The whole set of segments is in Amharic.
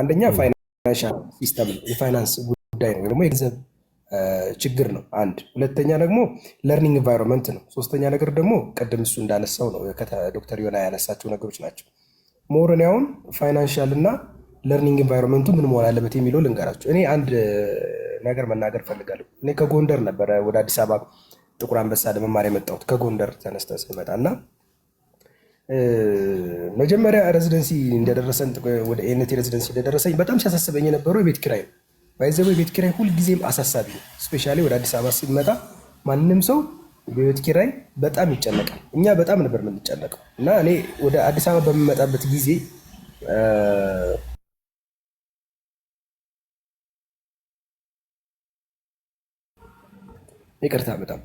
አንደኛ ፋይናንሻል ሲስተም ነው፣ የፋይናንስ ጉዳይ ነው፣ ደግሞ የገንዘብ ችግር ነው። አንድ ሁለተኛ ደግሞ ለርኒንግ ኤንቫይሮንመንት ነው። ሶስተኛ ነገር ደግሞ ቅድም እሱ እንዳነሳው ነው ዶክተር ዮና ያነሳቸው ነገሮች ናቸው። ሞርን ያውም ፋይናንሻል እና ለርኒንግ ኤንቫይሮንመንቱ ምን መሆን አለበት የሚለው ልንገራቸው። እኔ አንድ ነገር መናገር ፈልጋለሁ። እኔ ከጎንደር ነበረ ወደ አዲስ አበባ ጥቁር አንበሳ ለመማር የመጣሁት ከጎንደር ተነስተ ስመጣ እና መጀመሪያ ሬዚደንሲ እንደደረሰን ወደ ኤነት ሬዚደንሲ እንደደረሰኝ በጣም ሲያሳስበኝ የነበረው የቤት ኪራይ ነው። ባይዘው የቤት ኪራይ ሁልጊዜም አሳሳቢ ነው። ስፔሻሊ ወደ አዲስ አበባ ሲመጣ ማንም ሰው የቤት ኪራይ በጣም ይጨነቃል። እኛ በጣም ነበር የምንጨነቀው እና እኔ ወደ አዲስ አበባ በምመጣበት ጊዜ ይቅርታ በጣም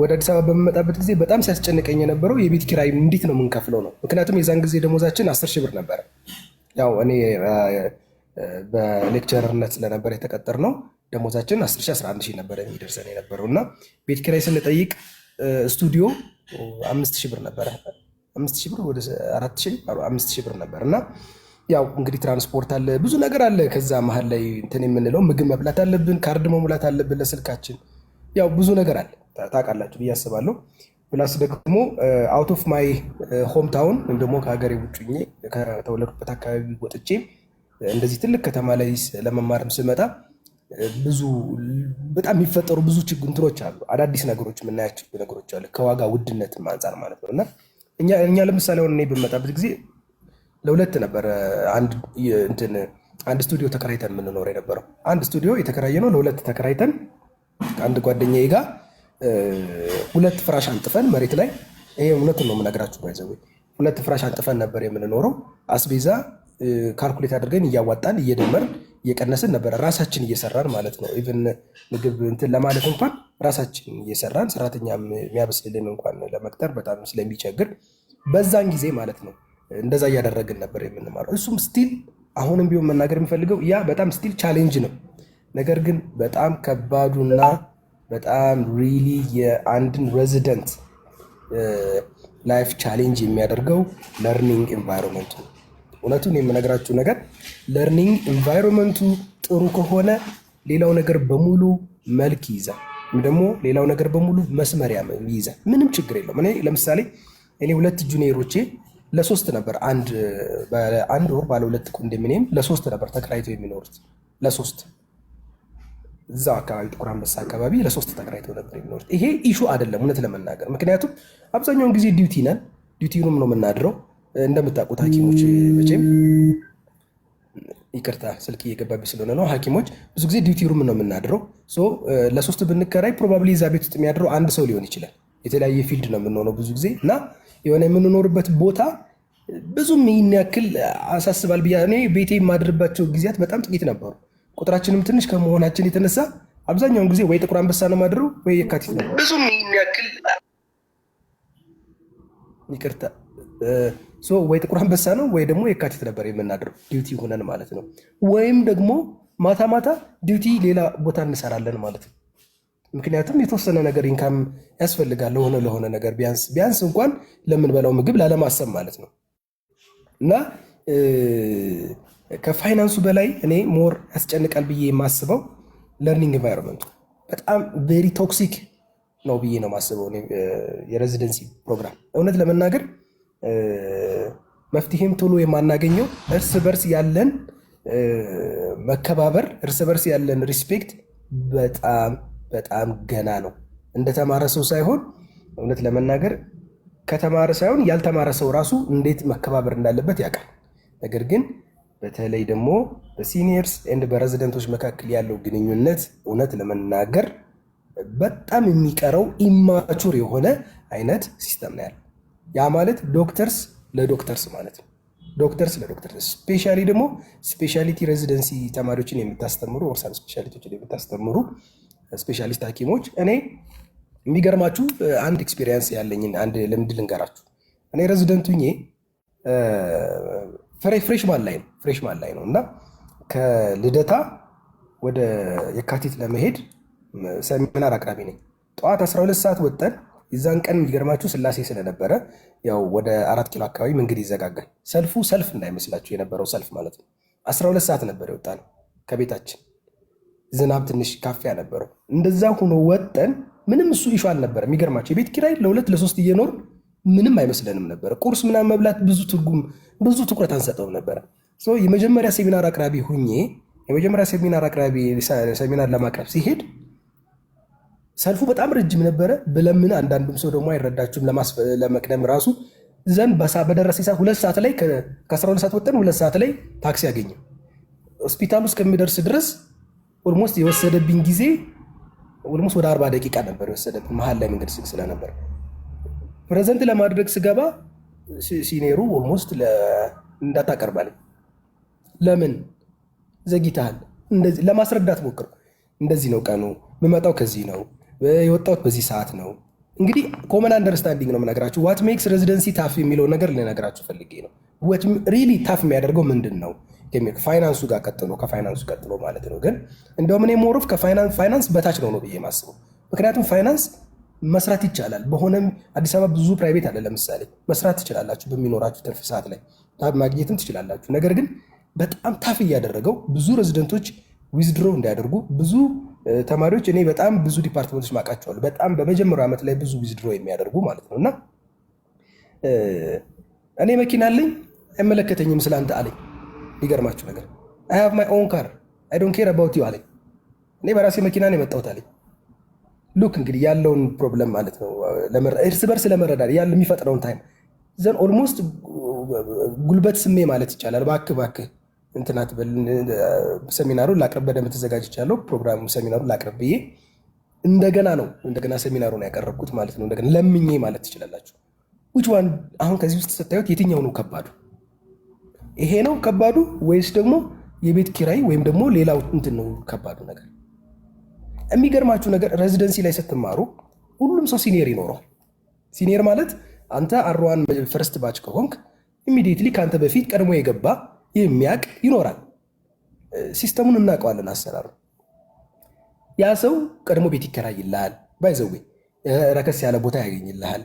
ወደ አዲስ አበባ በምመጣበት ጊዜ በጣም ሲያስጨንቀኝ የነበረው የቤት ኪራይ እንዴት ነው የምንከፍለው ነው። ምክንያቱም የዛን ጊዜ ደሞዛችን አስር ሺህ ብር ነበረ። ያው እኔ በሌክቸርነት ስለነበረ ነው ደሞዛችን አስር ሺህ አስራ ሺህ ነበረ የሚደርሰን የነበረው እና ቤት ኪራይ ስንጠይቅ ስቱዲዮ አምስት ሺህ ብር ነበረ አምስት ሺህ ብር ወደ አራት ሺህ አምስት ሺህ ብር ነበር እና ያው እንግዲህ ትራንስፖርት አለ፣ ብዙ ነገር አለ። ከዛ መሀል ላይ እንትን የምንለው ምግብ መብላት አለብን፣ ካርድ መሙላት አለብን ለስልካችን፣ ያው ብዙ ነገር አለ። ታውቃላችሁ ብዬ አስባለሁ። ፕላስ ደግሞ አውት ኦፍ ማይ ሆም ታውን ወይም ደግሞ ከሀገሬ ውጭ ከተወለዱበት አካባቢ ወጥቼ እንደዚህ ትልቅ ከተማ ላይ ለመማርም ስመጣ ብዙ በጣም የሚፈጠሩ ብዙ ችግንትሮች አሉ። አዳዲስ ነገሮች የምናያቸው ነገሮች አሉ፣ ከዋጋ ውድነትም አንጻር ማለት ነው። እና እኛ ለምሳሌ አሁን እኔ በመጣበት ጊዜ ለሁለት ነበረ አንድ ስቱዲዮ ተከራይተን የምንኖር የነበረው። አንድ ስቱዲዮ የተከራየ ነው ለሁለት ተከራይተን ከአንድ ጓደኛዬ ጋር ሁለት ፍራሽ አንጥፈን መሬት ላይ ይሄ እውነቱን ነው የምነግራችሁ። ባይዘው ሁለት ፍራሽ አንጥፈን ነበር የምንኖረው። አስቤዛ ካልኩሌት አድርገን እያዋጣን እየደመርን እየቀነስን ነበር፣ ራሳችን እየሰራን ማለት ነው። ኢቭን ምግብ እንትን ለማለት እንኳን ራሳችን እየሰራን ሰራተኛ የሚያበስልልን እንኳን ለመቅጠር በጣም ስለሚቸግር በዛን ጊዜ ማለት ነው እንደዛ እያደረግን ነበር የምንማረው። እሱም ስቲል አሁንም ቢሆን መናገር የሚፈልገው ያ በጣም ስቲል ቻሌንጅ ነው። ነገር ግን በጣም ከባዱና በጣም ሪሊ የአንድን ሬዚደንት ላይፍ ቻሌንጅ የሚያደርገው ለርኒንግ ኤንቫይሮንመንቱ ነው። እውነቱን የምነግራችሁ ነገር ለርኒንግ ኤንቫይሮንመንቱ ጥሩ ከሆነ ሌላው ነገር በሙሉ መልክ ይይዛል፣ ወይም ደግሞ ሌላው ነገር በሙሉ መስመር ይይዛል። ምንም ችግር የለውም። እኔ ለምሳሌ እኔ ሁለት ጁኒየሮቼ ለሶስት ነበር አንድ ወር ባለ ሁለት ኮንዶሚኒየም ለሶስት ነበር ተከራይተው የሚኖሩት ለሶስት እዛው አካባቢ ጥቁር አንበሳ አካባቢ ለሶስት ተከራይተው ነበር የሚኖሩት። ይሄ ኢሹ አይደለም እውነት ለመናገር ምክንያቱም አብዛኛውን ጊዜ ዲዩቲ ነን፣ ዲዩቲ ሩም ነው የምናድረው። እንደምታውቁት ሐኪሞች መቼም ይቅርታ ስልክ እየገባቢ ስለሆነ ነው። ሐኪሞች ብዙ ጊዜ ዲዩቲ ሩም ነው የምናድረው። ለሶስት ብንከራይ ፕሮባብሊ እዛ ቤት ውስጥ የሚያድረው አንድ ሰው ሊሆን ይችላል። የተለያየ ፊልድ ነው የምንሆነው ብዙ ጊዜ እና የሆነ የምንኖርበት ቦታ ብዙም ይህን ያክል አሳስባል ብያ እኔ ቤቴ የማድርባቸው ጊዜያት በጣም ጥቂት ነበሩ። ቁጥራችንም ትንሽ ከመሆናችን የተነሳ አብዛኛውን ጊዜ ወይ ጥቁር አንበሳ ነው ማድረው ወይ የካቲት ነው። ብዙም ይቅርታ፣ ወይ ጥቁር አንበሳ ነው ወይ ደግሞ የካቲት ነበር የምናድረው ዲዩቲ ሆነን ማለት ነው። ወይም ደግሞ ማታ ማታ ዲዩቲ ሌላ ቦታ እንሰራለን ማለት ነው። ምክንያቱም የተወሰነ ነገር ኢንካም ያስፈልጋል ለሆነ ለሆነ ነገር ቢያንስ ቢያንስ እንኳን ለምንበላው ምግብ ላለማሰብ ማለት ነው እና ከፋይናንሱ በላይ እኔ ሞር ያስጨንቃል ብዬ የማስበው ለርኒንግ ኢንቫይሮንመንቱ በጣም ቬሪ ቶክሲክ ነው ብዬ ነው የማስበው። የሬዚደንሲ ፕሮግራም እውነት ለመናገር መፍትሄም ቶሎ የማናገኘው እርስ በርስ ያለን መከባበር፣ እርስ በርስ ያለን ሪስፔክት በጣም በጣም ገና ነው። እንደተማረ ሰው ሳይሆን እውነት ለመናገር ከተማረ ሳይሆን ያልተማረ ሰው ራሱ እንዴት መከባበር እንዳለበት ያውቃል። ነገር ግን በተለይ ደግሞ በሲኒየርስ ኤንድ በረዚደንቶች መካከል ያለው ግንኙነት እውነት ለመናገር በጣም የሚቀረው ኢማቹር የሆነ አይነት ሲስተም ነው ያለ። ያ ማለት ዶክተርስ ለዶክተርስ ማለት ነው። ዶክተርስ ለዶክተርስ ስፔሻሊ ደግሞ ስፔሻሊቲ ሬዚደንሲ ተማሪዎችን የምታስተምሩ ኦር ስፔሻሊቲዎችን የምታስተምሩ ስፔሻሊስት ሐኪሞች እኔ የሚገርማችሁ አንድ ኤክስፒሪየንስ ያለኝን አንድ ልምድ ልንገራችሁ። እኔ ሬዚደንቱኜ ፍሬሽማን ላይ ነው ፍሬሽማን ላይ ነው እና ከልደታ ወደ የካቲት ለመሄድ ሰሚናር አቅራቢ ነኝ። ጠዋት 12 ሰዓት ወጠን የዛን ቀን የሚገርማችሁ ስላሴ ስለነበረ ያው ወደ አራት ኪሎ አካባቢ መንገድ ይዘጋጋል። ሰልፉ ሰልፍ እንዳይመስላችሁ የነበረው ሰልፍ ማለት ነው። 12 ሰዓት ነበር የወጣ ነው ከቤታችን። ዝናብ ትንሽ ካፊያ ነበረው። እንደዛ ሆኖ ወጠን ምንም እሱ ይሾ አልነበረ። የሚገርማቸው የቤት ኪራይ ለሁለት ለሶስት እየኖርን ምንም አይመስለንም ነበረ። ቁርስ ምናምን መብላት ብዙ ትርጉም ብዙ ትኩረት አንሰጠውም ነበረ። የመጀመሪያ ሴሚናር አቅራቢ ሁኜ የመጀመሪያ ሴሚናር አቅራቢ ሴሚናር ለማቅረብ ሲሄድ ሰልፉ በጣም ረጅም ነበረ። ብለምን አንዳንዱም ሰው ደግሞ አይረዳችሁም ለመቅደም ራሱ ዘንድ በደረሰ ሰዓት ሁለት ሰዓት ላይ ከ ሁለት ሰዓት ወጠን ሁለት ሰዓት ላይ ታክሲ አገኘው ሆስፒታል ውስጥ ከሚደርስ ድረስ ኦልሞስት የወሰደብኝ ጊዜ ኦልሞስት ወደ አርባ ደቂቃ ነበር የወሰደብኝ መሀል ላይ መንገድ ስለነበር ፕሬዘንት ለማድረግ ስገባ ሲኔሩ ኦልሞስት እንዳታቀርባለኝ ለምን ዘግይተሃል? ለማስረዳት ሞክር። እንደዚህ ነው ቀኑ የምመጣው ከዚህ ነው የወጣሁት በዚህ ሰዓት ነው። እንግዲህ ኮመን አንደርስታንዲንግ ነው የምነግራችሁ። ዋት ሜክስ ሬዚደንሲ ታፍ የሚለውን ነገር ልነግራችሁ ፈልጌ ነው። ሪሊ ታፍ የሚያደርገው ምንድን ነው? ፋይናንሱ ጋር ቀጥሎ ከፋይናንሱ ቀጥሎ ማለት ነው። ግን እንደውም እኔ ሞሮፍ ከፋይናንስ በታች ነው ነው ብዬ ማስበው። ምክንያቱም ፋይናንስ መስራት ይቻላል። በሆነም አዲስ አበባ ብዙ ፕራይቬት አለ። ለምሳሌ መስራት ትችላላችሁ፣ በሚኖራችሁ ትርፍ ሰዓት ላይ ማግኘትም ትችላላችሁ። ነገር ግን በጣም ታፍ እያደረገው ብዙ ሬዚደንቶች ዊዝድሮ እንዳያደርጉ ብዙ ተማሪዎች እኔ በጣም ብዙ ዲፓርትመንቶች ማቃቸዋሉ። በጣም በመጀመሪያው ዓመት ላይ ብዙ ዊዝድሮ የሚያደርጉ ማለት ነው እና እኔ መኪና አለኝ አይመለከተኝም ስለ አንተ አለኝ። ይገርማችሁ ነገር አይ ሃቭ ማይ ኦን ካር አይ ዶንት ኬር አባውት ዩ አለኝ። እኔ በራሴ መኪና ነው የመጣሁት አለኝ። ሉክ እንግዲህ ያለውን ፕሮብለም ማለት ነው እርስ በርስ ለመረዳድ ያለ የሚፈጥረውን ታይም ዘን ኦልሞስት ጉልበት ስሜ ማለት ይቻላል። እባክህ እባክህ እንትናት ሰሚናሩን ላቅርብ በደንብ ተዘጋጅቻለሁ። ፕሮግራሙ ሰሚናሩን ላቅርብ ብዬ እንደገና ነው እንደገና ሰሚናሩን ያቀረብኩት ማለት ነው። እንደገና ለምኜ ማለት ትችላላችሁ። ዊች ዋን አሁን ከዚህ ውስጥ ስታዩት የትኛው ነው ከባዱ? ይሄ ነው ከባዱ ወይስ ደግሞ የቤት ኪራይ ወይም ደግሞ ሌላው እንትን ነው ከባዱ ነገር? የሚገርማችሁ ነገር ሬዚደንሲ ላይ ስትማሩ ሁሉም ሰው ሲኒየር ይኖረው ሲኒየር ማለት አንተ አርዋን ፈርስት ባች ከሆንክ ኢሚዲየትሊ ከአንተ በፊት ቀድሞ የገባ የሚያቅ ይኖራል። ሲስተሙን እናውቀዋለን፣ አሰራሩ። ያ ሰው ቀድሞ ቤት ይከራይልሃል፣ ባይዘዌ ረከስ ያለ ቦታ ያገኝልሃል።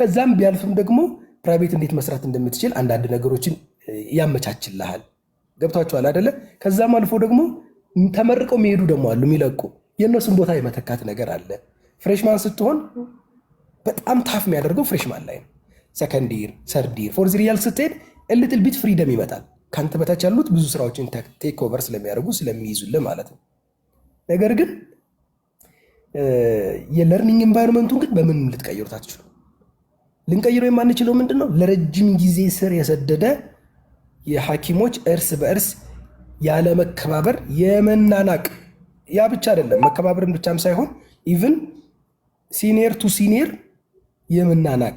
ከዛም ቢያልፍም ደግሞ ፕራይቬት እንዴት መስራት እንደምትችል አንዳንድ ነገሮችን ያመቻችልሃል። ገብቷችኋል አደለ? ከዛም አልፎ ደግሞ ተመርቀው የሚሄዱ ደግሞ አሉ የሚለቁ የእነሱን ቦታ የመተካት ነገር አለ። ፍሬሽማን ስትሆን በጣም ታፍ የሚያደርገው ፍሬሽማን ላይ ነው። ሰከንዲር፣ ሰርዲር፣ ፎርዝ ሪያል ስትሄድ እልትል ቢት ፍሪደም ይመጣል። ከአንተ በታች ያሉት ብዙ ስራዎችን ቴክ ኦቨር ስለሚያደርጉ ስለሚይዙልን ማለት ነው። ነገር ግን የለርኒንግ ኤንቫይሮንመንቱን ግን በምን ልትቀይሩት አትችሉ። ልንቀይረው የማንችለው ምንድን ነው? ለረጅም ጊዜ ስር የሰደደ የሐኪሞች እርስ በእርስ ያለመከባበር የመናናቅ ያ ብቻ አይደለም፣ መከባበርን ብቻም ሳይሆን ኢቭን ሲኒየር ቱ ሲኒየር የምናናቅ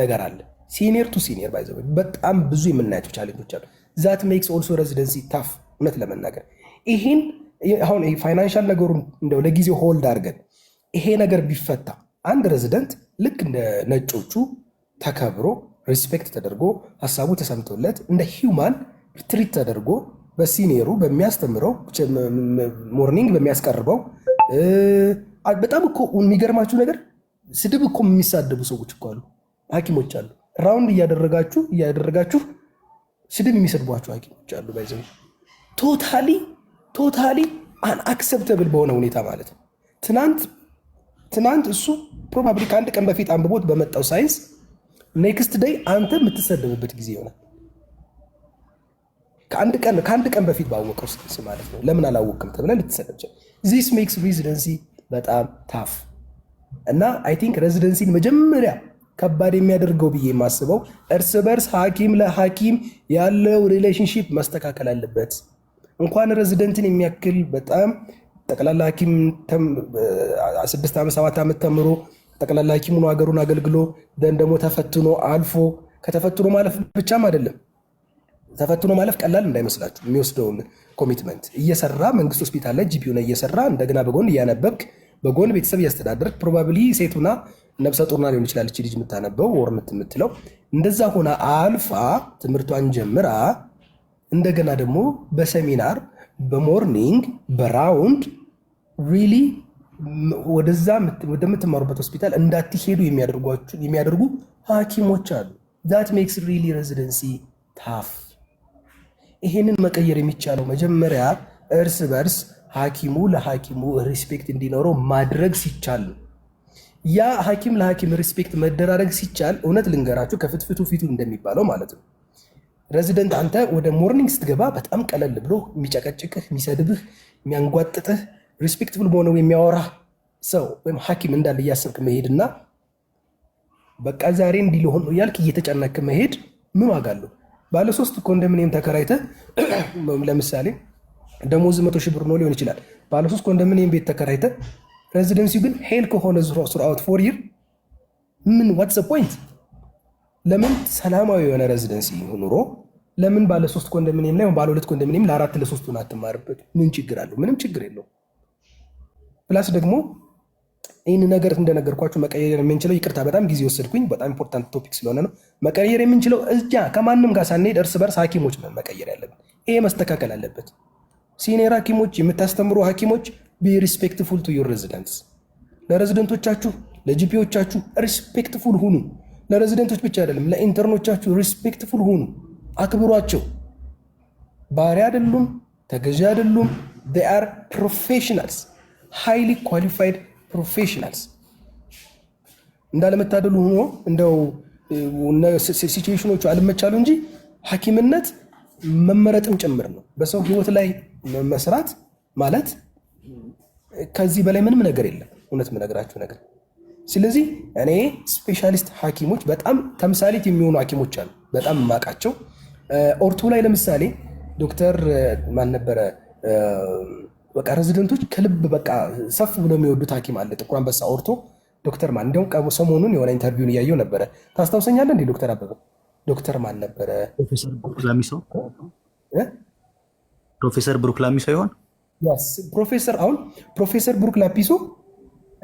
ነገር አለ። ሲኒየር ቱ ሲኒየር ባይዘ በጣም ብዙ የምናያቸው ቻሌንጆች አሉ። ዛት ሜክስ ኦልሶ ሬዚደንሲ ታፍ። እውነት ለመናገር ይሄን አሁን ይሄ ፋይናንሻል ነገሩን እንደው ለጊዜው ሆልድ አድርገን ይሄ ነገር ቢፈታ አንድ ሬዚደንት ልክ እንደ ነጮቹ ተከብሮ ሪስፔክት ተደርጎ ሀሳቡ ተሰምቶለት እንደ ሂውማን ትሪት ተደርጎ በሲኒየሩ በሚያስተምረው ሞርኒንግ በሚያስቀርበው በጣም እኮ የሚገርማችሁ ነገር ስድብ እኮ የሚሳደቡ ሰዎች እኮ አሉ፣ ሐኪሞች አሉ። ራውንድ እያደረጋችሁ እያደረጋችሁ ስድብ የሚሰድቧቸው ሐኪሞች አሉ። ይዘ ቶታሊ ቶታሊ አንአክሰፕተብል በሆነ ሁኔታ ማለት ነው። ትናንት ትናንት እሱ ፕሮባብሊ ከአንድ ቀን በፊት አንብቦት በመጣው ሳይንስ ኔክስት ደይ አንተ የምትሰደብበት ጊዜ ይሆናል። ከአንድ ቀን ከአንድ ቀን በፊት ባወቀው ስስ ማለት ነው። ለምን አላወቅም ተብለ ልትሰለች። ዚስ ሜክስ ሬዚደንሲ በጣም ታፍ እና አይ ቲንክ ሬዚደንሲን መጀመሪያ ከባድ የሚያደርገው ብዬ የማስበው እርስ በርስ ሐኪም ለሐኪም ያለው ሪሌሽንሺፕ መስተካከል አለበት። እንኳን ሬዚደንትን የሚያክል በጣም ጠቅላላ ሐኪም ስድስት ዓመት ሰባት ዓመት ተምሮ ጠቅላላ ሐኪም ሆኖ ሀገሩን አገልግሎ ደን ደግሞ ተፈትኖ አልፎ ከተፈትኖ ማለፍ ብቻም አይደለም ተፈትኖ ማለፍ ቀላል እንዳይመስላችሁ የሚወስደውን ኮሚትመንት እየሰራ መንግስት ሆስፒታል ላይ ጂፒ ሆነ እየሰራ እንደገና በጎን እያነበብክ በጎን ቤተሰብ እያስተዳደርክ ፕሮባብሊ ሴቱና ነብሰ ጡርና ሊሆን ይችላል እቺ ልጅ የምታነበው ወርነት የምትለው እንደዛ ሆና አልፋ ትምህርቷን ጀምራ እንደገና ደግሞ በሰሚናር በሞርኒንግ በራውንድ ሪሊ ወደዛ ወደምትማሩበት ሆስፒታል እንዳትሄዱ የሚያደርጉ ሐኪሞች አሉ። ዛት ሜክስ ሪሊ ሬዚደንሲ ታፍ ይሄንን መቀየር የሚቻለው መጀመሪያ እርስ በርስ ሐኪሙ ለሐኪሙ ሪስፔክት እንዲኖረው ማድረግ ሲቻል ነው። ያ ሐኪም ለሐኪም ሪስፔክት መደራረግ ሲቻል እውነት ልንገራችሁ ከፍትፍቱ ፊቱ እንደሚባለው ማለት ነው። ሬዚደንት አንተ ወደ ሞርኒንግ ስትገባ በጣም ቀለል ብሎ የሚጨቀጭቅህ፣ የሚሰድብህ፣ የሚያንጓጥጥህ ሪስፔክትብል በሆነው የሚያወራ ሰው ወይም ሐኪም እንዳለ እያሰብክ መሄድና በቃ ዛሬ እንዲህ ልሆን ነው እያልክ እየተጨነክ መሄድ ምን ዋጋ አለው? ባለ ሶስት ኮንዶሚኒየም ተከራይተ ለምሳሌ ደሞዝ መቶ ሺህ ብር ነው ሊሆን ይችላል። ባለ ሶስት ኮንዶሚኒየም ቤት ተከራይተ ሬዚደንሲው ግን ሄል ከሆነ ስርዓት ፎር ይር ምን ዋትስ ፖይንት? ለምን ሰላማዊ የሆነ ሬዚደንሲ ኑሮ ለምን ባለ ሶስት ኮንዶሚኒየም ላይ ባለ ሁለት ኮንዶሚኒየም ለአራት ለሶስቱን አትማርበት? ምን ችግር አለው? ምንም ችግር የለው። ፕላስ ደግሞ ይህን ነገር እንደነገርኳችሁ መቀየር የምንችለው ይቅርታ፣ በጣም ጊዜ ወሰድኩኝ። በጣም ኢምፖርታንት ቶፒክ ስለሆነ ነው። መቀየር የምንችለው እዚያ ከማንም ጋር ሳንሄድ እርስ በርስ ሐኪሞች ነው መቀየር ያለብን። ይሄ መስተካከል አለበት። ሲኒየር ሐኪሞች፣ የምታስተምሩ ሐኪሞች ቢ ሪስፔክትፉል ቱ ዩር ሬዚደንትስ። ለሬዚደንቶቻችሁ ለጂፒዎቻችሁ ሪስፔክትፉል ሁኑ። ለሬዚደንቶች ብቻ አይደለም፣ ለኢንተርኖቻችሁ ሪስፔክትፉል ሁኑ፣ አክብሯቸው። ባሪያ አይደሉም፣ ተገዢ አይደሉም። ዴይ አር ፕሮፌሽናልስ ሃይሊ ኳሊፋይድ ፕሮፌሽናልስ እንዳለመታደሉ ሆኖ እንደው ሲቹዌሽኖቹ አልመቻሉ እንጂ ሐኪምነት መመረጥም ጭምር ነው። በሰው ህይወት ላይ መስራት ማለት ከዚህ በላይ ምንም ነገር የለም፣ እውነት የምነግራችሁ ነገር። ስለዚህ እኔ ስፔሻሊስት ሐኪሞች በጣም ተምሳሌት የሚሆኑ ሐኪሞች አሉ፣ በጣም የማውቃቸው ኦርቶ ላይ ለምሳሌ ዶክተር ማን ነበረ በቃ ሬዚደንቶች ከልብ በቃ ሰፍ ብሎ የሚወዱት ሐኪም አለ ጥቁር አንበሳ ኦርቶ ዶክተር ማን ቀቡ ሰሞኑን የሆነ ኢንተርቪውን እያየው ነበረ። ታስታውሰኛለህ እንዴ? ዶክተር አበበ ዶክተር ማን ነበረ? ፕሮፌሰር ብሩክ ላሚሶ ይሆን? ፕሮፌሰር አሁን ፕሮፌሰር ብሩክ ላፒሶ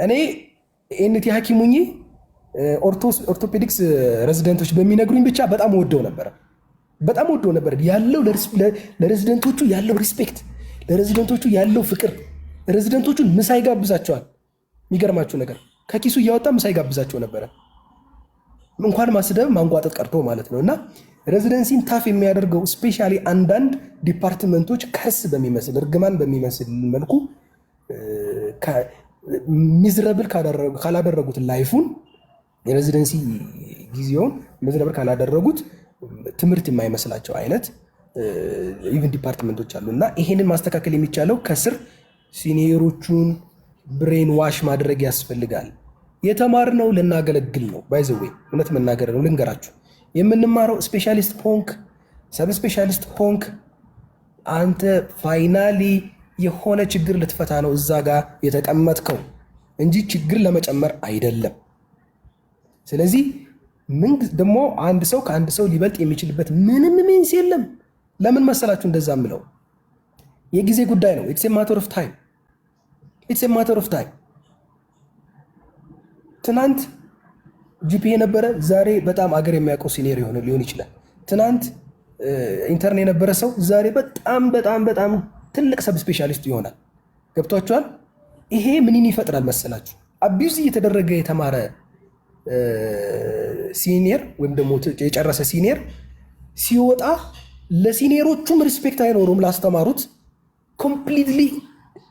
እኔ ኤንቲ ሐኪም ኦርቶፔዲክስ ሬዚደንቶች በሚነግሩኝ ብቻ በጣም ወደው ነበረ። በጣም ወደው ነበረ ያለው ለሬዚደንቶቹ ያለው ሪስፔክት ለሬዚደንቶቹ ያለው ፍቅር ሬዚደንቶቹን ምሳ ይጋብዛቸዋል። የሚገርማችሁ ነገር ከኪሱ እያወጣ ምሳ ይጋብዛቸው ነበረ። እንኳን ማስደብ ማንጓጠጥ ቀርቶ ማለት ነው። እና ሬዚደንሲን ታፍ የሚያደርገው ስፔሻሊ አንዳንድ ዲፓርትመንቶች ከስ በሚመስል እርግማን በሚመስል መልኩ ሚዝረብል ካላደረጉት ላይፉን የሬዚደንሲ ጊዜውን ሚዝረብል ካላደረጉት ትምህርት የማይመስላቸው አይነት ኢቭን ዲፓርትመንቶች አሉ እና ይሄንን ማስተካከል የሚቻለው ከስር ሲኒየሮቹን ብሬን ዋሽ ማድረግ ያስፈልጋል። የተማርነው ልናገለግል ነው። ባይዘዌ እውነት መናገር ነው። ልንገራችሁ የምንማረው ስፔሻሊስት ሆንክ ሰብ ስፔሻሊስት ሆንክ አንተ ፋይናሊ የሆነ ችግር ልትፈታ ነው እዛ ጋር የተቀመጥከው እንጂ ችግር ለመጨመር አይደለም። ስለዚህ ምን ደግሞ አንድ ሰው ከአንድ ሰው ሊበልጥ የሚችልበት ምንም ሚንስ የለም። ለምን መሰላችሁ እንደዛ ምለው? የጊዜ ጉዳይ ነው። ኢትስ ማተር ኦፍ ታይም ኢትስ ማተር ኦፍ ታይም። ትናንት ጂፒ የነበረ ዛሬ በጣም አገር የሚያውቀው ሲኒየር የሆነ ሊሆን ይችላል። ትናንት ኢንተርን የነበረ ሰው ዛሬ በጣም በጣም በጣም ትልቅ ሰብ ስፔሻሊስት ይሆናል። ገብቷችኋል? ይሄ ምንን ይፈጥራል መሰላችሁ? አቢዝ እየተደረገ የተማረ ሲኒየር ወይም ደግሞ የጨረሰ ሲኒየር ሲወጣ ለሲኒየሮቹም ሪስፔክት አይኖሩም። ላስተማሩት ኮምፕሊትሊ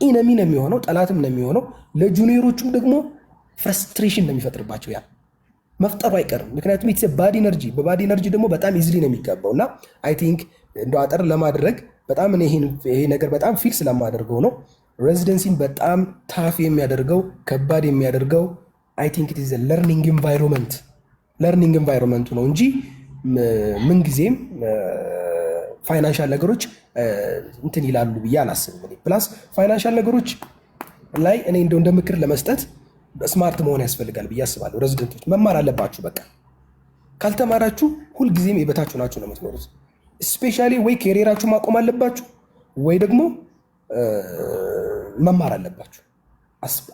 ኢነሚ ነው የሚሆነው፣ ጠላትም ነው የሚሆነው። ለጁኒየሮቹም ደግሞ ፍረስትሬሽን ነው የሚፈጥርባቸው። ያ መፍጠሩ አይቀርም። ምክንያቱም ኢትስ ባድ ኢነርጂ፣ በባድ ኢነርጂ ደግሞ በጣም ኢዝሊ ነው የሚጋባው እና አይ ቲንክ እንደ አጠር ለማድረግ በጣም ይሄ ነገር በጣም ፊል ስለማደርገው ነው ሬዚደንሲን በጣም ታፍ የሚያደርገው ከባድ የሚያደርገው አይ ቲንክ ኢት ኢዝ ለርኒንግ ኢንቫይሮንመንት ለርኒንግ ኢንቫይሮንመንቱ ነው እንጂ ምንጊዜም ፋይናንሻል ነገሮች እንትን ይላሉ ብዬ አላስብም። ፕላስ ፋይናንሻል ነገሮች ላይ እኔ እንደው እንደ ምክር ለመስጠት ስማርት መሆን ያስፈልጋል ብዬ አስባለሁ። ሬዚደንቶች መማር አለባችሁ። በቃ ካልተማራችሁ ሁልጊዜም የበታችሁ ናችሁ ነው የምትኖሩት። ስፔሻሊ ወይ ከሬራችሁ ማቆም አለባችሁ ወይ ደግሞ መማር አለባችሁ።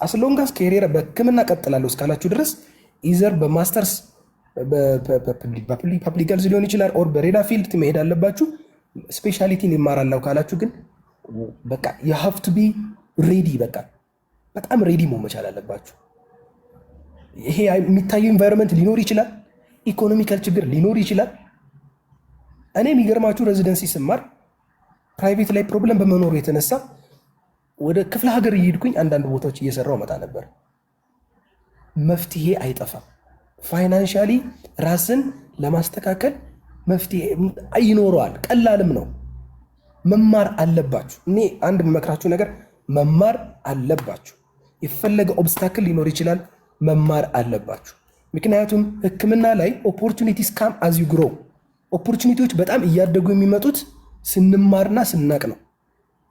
አስሎንጋስ ከሬራ በህክምና ቀጥላለሁ እስካላችሁ ድረስ ኢዘር በማስተርስ በፐብሊክ ሊሆን ይችላል ኦር በሌላ ፊልድ መሄድ አለባችሁ። ስፔሻሊቲን ይማራለው ካላችሁ ግን በቃ የሀፍ ቱ ቢ ሬዲ በቃ በጣም ሬዲ መሆን መቻል አለባችሁ። ይሄ የሚታየው ኢንቫይሮንመንት ሊኖር ይችላል፣ ኢኮኖሚካል ችግር ሊኖር ይችላል። እኔ የሚገርማችሁ ሬዚደንሲ ስማር ፕራይቬት ላይ ፕሮብለም በመኖሩ የተነሳ ወደ ክፍለ ሀገር እየሄድኩኝ አንዳንድ ቦታዎች እየሰራው መጣ ነበር። መፍትሄ አይጠፋም። ፋይናንሻሊ ራስን ለማስተካከል መፍትሄ ይኖረዋል። ቀላልም ነው። መማር አለባችሁ። እኔ አንድ የምመክራችሁ ነገር መማር አለባችሁ። የፈለገ ኦብስታክል ሊኖር ይችላል። መማር አለባችሁ። ምክንያቱም ህክምና ላይ ኦፖርቹኒቲስ ካም አዝ ዩ ኦፖርቹኒቲዎች በጣም እያደጉ የሚመጡት ስንማርና ስናቅ ነው።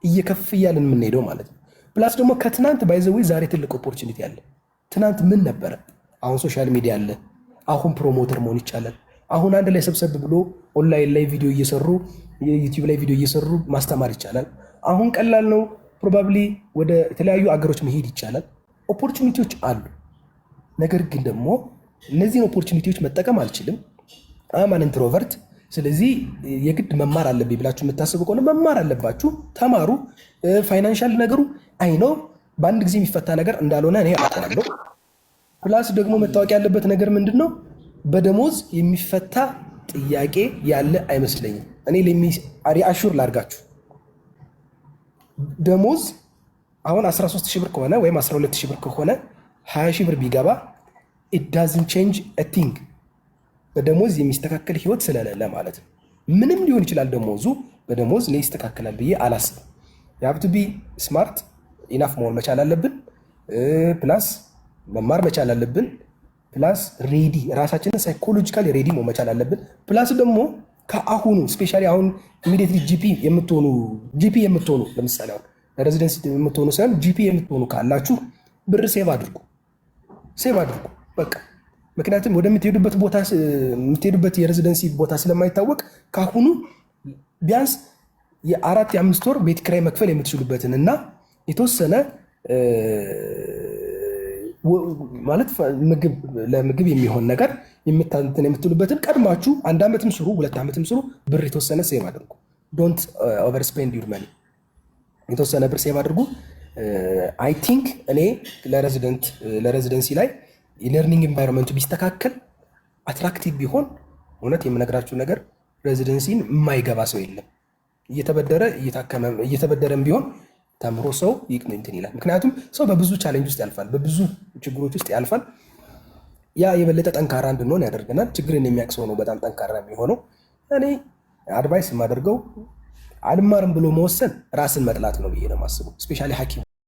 እየከፍ እያለን የምንሄደው ማለት ነው። ፕላስ ደግሞ ከትናንት ባይዘዌ ዛሬ ትልቅ ኦፖርቹኒቲ አለ። ትናንት ምን ነበረ? አሁን ሶሻል ሚዲያ አለ። አሁን ፕሮሞተር መሆን ይቻላል። አሁን አንድ ላይ ሰብሰብ ብሎ ኦንላይን ላይ ቪዲዮ እየሰሩ ዩቲዩብ ላይ ቪዲዮ እየሰሩ ማስተማር ይቻላል። አሁን ቀላል ነው። ፕሮባብሊ ወደ የተለያዩ አገሮች መሄድ ይቻላል። ኦፖርቹኒቲዎች አሉ። ነገር ግን ደግሞ እነዚህን ኦፖርቹኒቲዎች መጠቀም አልችልም። አማን ኢንትሮቨርት። ስለዚህ የግድ መማር አለብኝ ብላችሁ የምታስቡ ከሆነ መማር አለባችሁ፣ ተማሩ። ፋይናንሻል ነገሩ አይኖ በአንድ ጊዜ የሚፈታ ነገር እንዳልሆነ እኔ አውቃለሁ። ፕላስ ደግሞ መታወቂያ ያለበት ነገር ምንድን ነው በደሞዝ የሚፈታ ጥያቄ ያለ አይመስለኝም። እኔ ሪአሹር ላድርጋችሁ፣ ደሞዝ አሁን 13 ሺህ ብር ከሆነ ወይም 12 ሺህ ብር ከሆነ 20 ሺህ ብር ቢገባ ኢት ዳዝን ቼንጅ አ ቲንግ በደሞዝ የሚስተካከል ህይወት ስለሌለ ማለት ነው። ምንም ሊሆን ይችላል ደሞዙ በደሞዝ ላይ ይስተካከላል ብዬ አላስብም። የሀብቱ ቢ ስማርት ኢናፍ መሆን መቻል አለብን። ፕላስ መማር መቻል አለብን። ፕላስ ሬዲ ራሳችንን ሳይኮሎጂካሊ ሬዲ መሆን መቻል አለብን። ፕላስ ደግሞ ከአሁኑ ስፔሻሊ አሁን ኢሚዲየትሊ ጂፒ የምትሆኑ ጂፒ የምትሆኑ ለምሳሌ አሁን ሬዚደንስ የምትሆኑ ሳይሆን ጂፒ የምትሆኑ ካላችሁ ብር ሴቭ አድርጉ፣ ሴቭ አድርጉ በቃ ምክንያቱም ወደምትሄዱበት ቦታ የምትሄዱበት የሬዚደንሲ ቦታ ስለማይታወቅ ከአሁኑ ቢያንስ የአራት የአምስት ወር ቤት ክራይ መክፈል የምትችሉበትን እና የተወሰነ ማለት ለምግብ የሚሆን ነገር የምታንትን የምትሉበትን ቀድማችሁ አንድ ዓመትም ስሩ ሁለት ዓመትም ስሩ፣ ብር የተወሰነ ሴቭ አድርጉ። ዶንት ኦቨርስፔንድ ዩር መኒ። የተወሰነ ብር ሴቭ አድርጉ። አይ uh, ቲንክ እኔ ለሬዚደንሲ ላይ የለርኒንግ ኤንቫይሮንመንቱ ቢስተካከል አትራክቲቭ ቢሆን እውነት የምነግራችሁ ነገር ሬዚደንሲን የማይገባ ሰው የለም። እየተበደረ እየታከመ እየተበደረም ቢሆን ተምሮ ሰው እንትን ይላል። ምክንያቱም ሰው በብዙ ቻሌንጅ ውስጥ ያልፋል፣ በብዙ ችግሮች ውስጥ ያልፋል። ያ የበለጠ ጠንካራ እንድንሆን ያደርገናል። ችግርን የሚያውቅ ሰው ነው በጣም ጠንካራ የሚሆነው። እኔ አድቫይስ የማደርገው አልማርም ብሎ መወሰን ራስን መጥላት ነው ብዬ ነው የማስበው። ስፔሻሊ ሐኪም